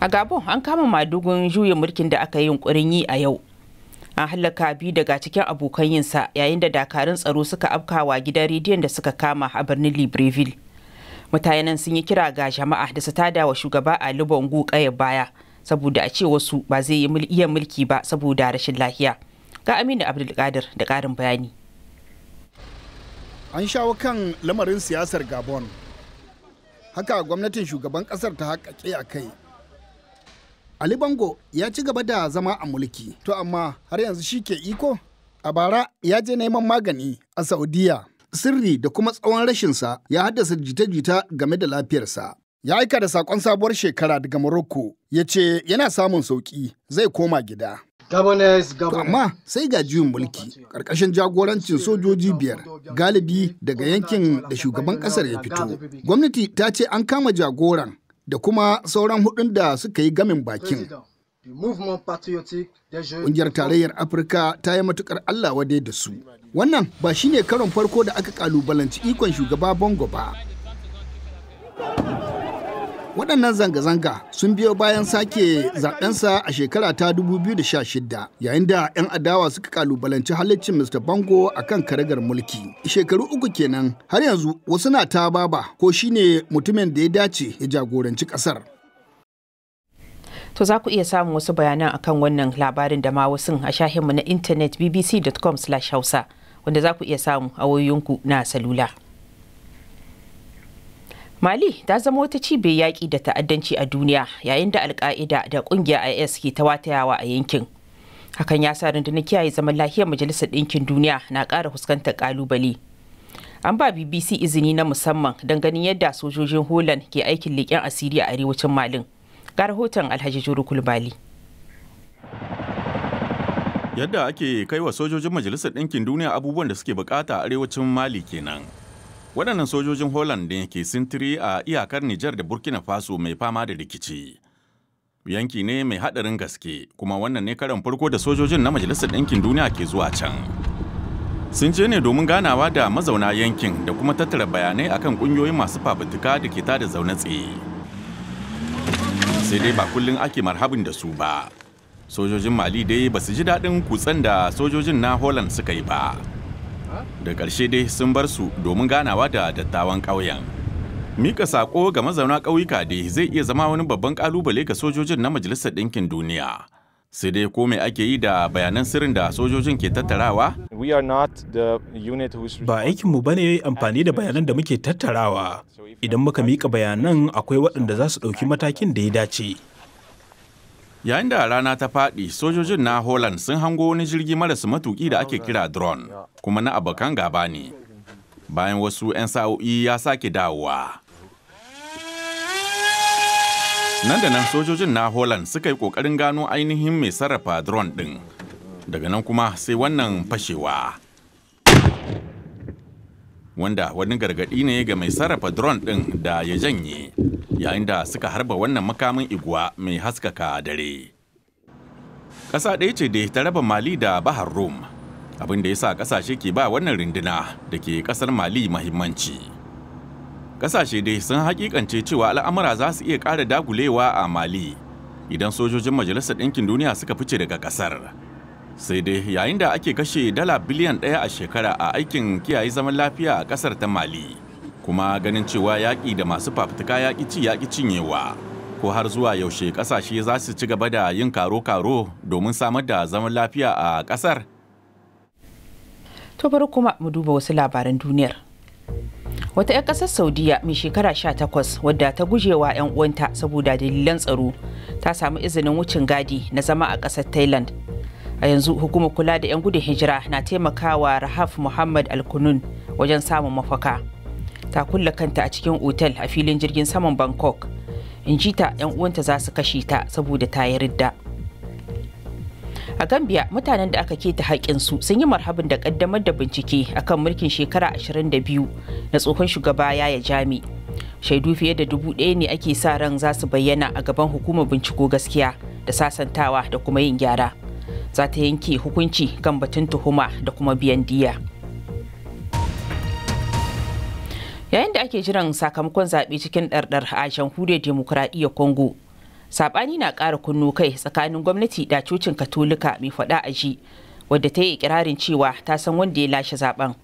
a gabon an kama madugun juya mulkin da aka yi yunkurin yi a yau an halaka biyu daga cikin abokan yinsa yayin da dakarun tsaro suka afkawa gidan rediyon da suka kama a birnin libreville mutanen sun yi kira ga jama'a da su tada wa shugaba ali bongo kayan baya saboda a ce wasu ba zai yi iya mulki ba saboda rashin lafiya ga aminu abdulkadir da karin bayani an shawo kan lamarin siyasar gabon haka gwamnatin shugaban kasar ta haƙaƙe a kai Ali Bango ya ci gaba da zama a mulki, to amma har yanzu shi ke iko? A bara ya je neman magani a Saudiya. Sirri da kuma tsawon rashinsa ya haddasa jita-jita game da lafiyarsa. Ya aika da saƙon sabuwar shekara daga Morocco ya ce yana samun sauƙi zai koma gida. Amma sai ga juyin mulki ƙarƙashin jagorancin sojoji biyar galibi daga yankin da shugaban ƙasar ya fito. Gwamnati ta ce an kama jagoran da kuma sauran hudun da suka yi gamin bakin. Ƙungiyar tarayyar Afirka ta yi matuƙar Allah wade da su. Wannan ba shine karon farko da aka kalubalanci ikon shugaba Bongo ba. waɗannan zanga-zanga sun biyo bayan sake zaɓensa a shekara ta 2016 yayin da 'yan adawa suka kalubalanci halaccin mr bango a kan karagar mulki shekaru uku kenan har yanzu wasu na ta baba ko shine mutumin da ya dace ya jagoranci ƙasar To za ku iya samun wasu bayanan akan wannan labarin da ma wasu a shahinmu na intanet bbc.com/hausa wanda za ku iya samu a wayoyinku na salula. Mali ta zama wata cibiyar yaƙi da ta'addanci a duniya yayin da alka'ida da ƙungiyar IS ke ta watayawa a yankin. Hakan ya sa rundunar kiyaye zaman lafiyar Majalisar Ɗinkin Duniya na ƙara fuskantar ƙalubale. An ba BBC izini na musamman don ganin yadda sojojin Holland ke aikin leƙen asiri a arewacin Malin. Ga rahoton Alhaji Juru Kulbali. Yadda ake kai wa sojojin Majalisar Ɗinkin Duniya abubuwan da suke bukata a arewacin Mali kenan. waɗannan sojojin holland ne ke sintiri a iyakar nijar da burkina faso mai fama da rikici yanki ne mai haɗarin gaske kuma wannan ne karan farko da sojojin na majalisar ɗinkin duniya ke zuwa can sun je ne domin ganawa da mazauna yankin da kuma tattara bayanai akan ƙungiyoyin masu fafutuka da ke tada zaune tsaye sai dai ba kullum ake marhabin da su ba sojojin mali dai ba su ji daɗin kutsen da sojojin na holland suka yi ba Da ƙarshe dai sun bar su domin ganawa da dattawan ƙauyen. Mika saƙo ga mazauna ƙauyuka dai zai iya zama wani babban ƙalubale ga sojojin na Majalisar Ɗinkin Duniya. sai dai ko mai ake yi da bayanan sirrin da sojojin ke tattarawa? Ba aikinmu ba ne amfani da bayanan da muke tattarawa. Idan muka mika bayanan akwai waɗanda za su ɗauki matakin da ya dace. Yayin da rana ta faɗi, sojojin na Holland sun hango wani jirgi marasa matuƙi da ake kira drone, kuma na abokan gaba ne. Bayan wasu 'yan sa'o'i ya sake dawowa. Nan da nan sojojin na Holland suka yi ƙoƙarin gano ainihin mai sarrafa drone ɗin. Daga nan kuma sai wannan fashewa. wanda wani gargaɗi ne ga mai sarrafa drone ɗin da ya janye yayin da suka harba wannan makamin iguwa mai haskaka dare. Ƙasa ɗaya ce da ta raba Mali da Bahar Rum, abin da ya sa ƙasashe ke ba wannan runduna da ke ƙasar Mali mahimmanci. Ƙasashe dai sun haƙiƙance cewa al'amura za su iya ƙara dagulewa a Mali idan sojojin Majalisar Ɗinkin Duniya suka fice daga ƙasar. sai dai yayin da ake kashe dala biliyan ɗaya a shekara a aikin kiyaye zaman lafiya a ƙasar ta mali kuma ganin cewa yaƙi da masu fafutuka yaƙi ci yaƙi cinyewa ko har zuwa yaushe ƙasashe za su ci gaba da yin karo-karo domin samar da zaman lafiya a ƙasar to bari kuma mu duba wasu labaran duniyar wata 'yan ƙasar saudiya mai shekara 18 wadda ta gujewa 'yan uwanta saboda dalilan tsaro ta samu izinin wucin gadi na zama a ƙasar thailand a yanzu hukumar kula da 'yan gudun hijira na taimakawa rahaf muhammad alkunun wajen samun mafaka ta kulle kanta a cikin otal a filin jirgin saman bangkok in ji ta 'yan uwanta za su kashe ta saboda ta yi ridda a gambia mutanen da aka keta haƙƙinsu sun yi marhabin da ƙaddamar da bincike akan mulkin shekara 22 na tsohon shugaba yaya jami shaidu fiye da dubu ɗaya ne ake sa ran za su bayyana a gaban hukumar binciko gaskiya da sasantawa da kuma yin gyara za ta yanke hukunci kan batun tuhuma da kuma biyan diya. Yayin da ake jiran sakamakon zaɓe cikin ɗarɗar a jamhuriyar demokuraɗiyyar Congo, saɓani na ƙara kunno kai tsakanin gwamnati da cocin katolika mai faɗa a ji, wadda ta yi ikirarin cewa ta san wanda ya lashe zaɓen.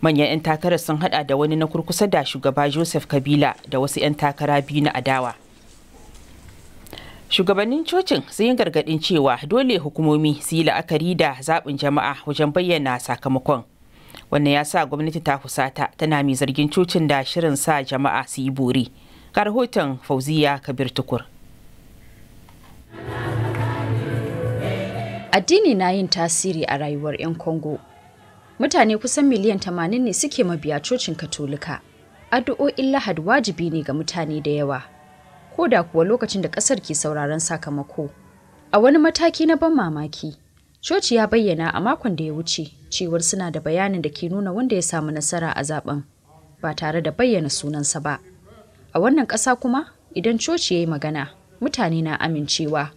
Manyan 'yan takarar sun haɗa da wani na kurkusa da shugaba Joseph Kabila da wasu 'yan takara biyu na adawa. shugabannin cocin sun yi gargadin cewa dole hukumomi su yi la'akari da zaɓin jama'a wajen bayyana sakamakon wannan ya sa gwamnati ta husata tana mai zargin cocin da shirin sa jama'a su yi bore ga rahoton fauziya kabir tukur addini na yin tasiri a rayuwar 'yan kongo mutane kusan miliyan tamanin ne suke mabiya cocin katolika addu'o'in lahad wajibi ne ga mutane da yawa ko da kuwa lokacin da ƙasar ke sauraron sakamako. A wani mataki na ban mamaki, Coci ya bayyana a makon da ya wuce cewar suna da bayanin da ke nuna wanda ya samu nasara a zaben ba tare da bayyana sunansa ba. A wannan ƙasa kuma idan coci ya yi magana mutane na amincewa.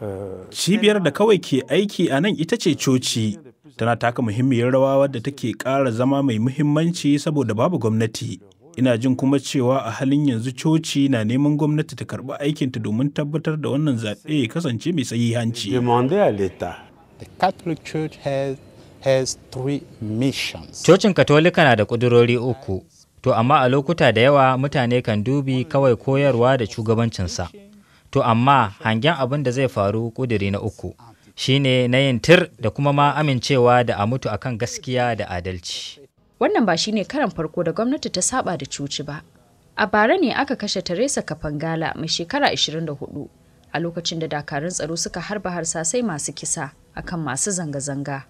Euh, Cibiyar da kawai ke aiki a nan ita ce coci, tana taka muhimmiyar rawa wadda take ƙara zama mai muhimmanci saboda babu gwamnati. ina jin kuma cewa a halin yanzu coci na neman gwamnati ta karɓi aikinta domin tabbatar da wannan zaɓe ya kasance mai tsayi hanci. Cocin Katolika na da ƙudurori uku, to amma a lokuta da yawa mutane kan dubi kawai koyarwa da shugabancinsa. To amma hangen abin da zai faru ƙuduri na uku. shine na yin tir da kuma ma amincewa da a mutu akan gaskiya da adalci. Wannan ba shine karan farko da gwamnati ta saba da cuci ba. A bara ne aka kashe Teresa Kafangala mai shekara 24 a lokacin da dakarun tsaro suka harba harsasai masu kisa akan masu zanga-zanga.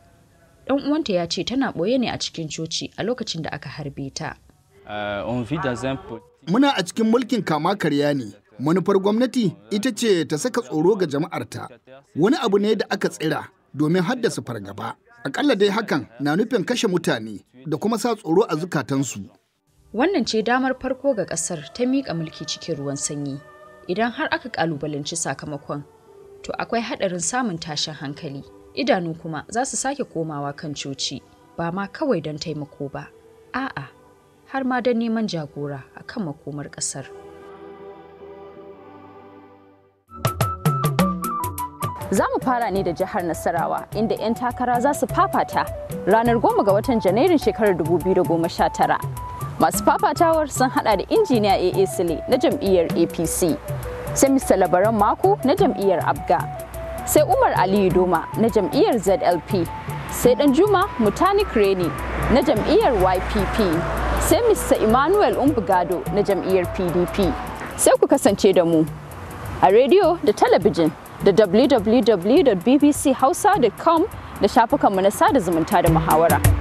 Ɗan uwanta ya ce tana ɓoye ne a cikin coci a lokacin da aka harbe ta. Uh, Muna a cikin mulkin kama karya ne. Manufar gwamnati ita ce ta saka tsoro ga jama'arta. Wani abu ne da aka tsira domin haddasa fargaba. Akalla dai hakan na nufin kashe mutane da kuma sa tsoro a zukatansu. Wannan ce damar farko ga ƙasar ta miƙa mulki cikin ruwan sanyi. Idan har aka ƙalubalanci sakamakon, to akwai haɗarin samun tashin hankali. Idanu kuma za su sake komawa kan coci, ba ma kawai don taimako ba, a'a, har ma don neman jagora a kan makomar ƙasar. Za mu fara ne da jihar Nasarawa inda 'yan takara za su fafata ranar goma ga watan Janairun shekarar 2019. Masu fafatawar sun hada da injiniya AA Sule na jam'iyyar APC, sai Mista Labaran Mako na jam'iyyar Abga, sai Umar Aliyu Doma na jam'iyyar ZLP, sai Danjuma Mutani Kreni na jam'iyyar YPP, sai Mista Emmanuel Umbugado na jam'iyyar PDP. Sai ku kasance da mu a rediyo da talabijin. da www.bbchausa.com da shafukanmu na sada zumunta da muhawara.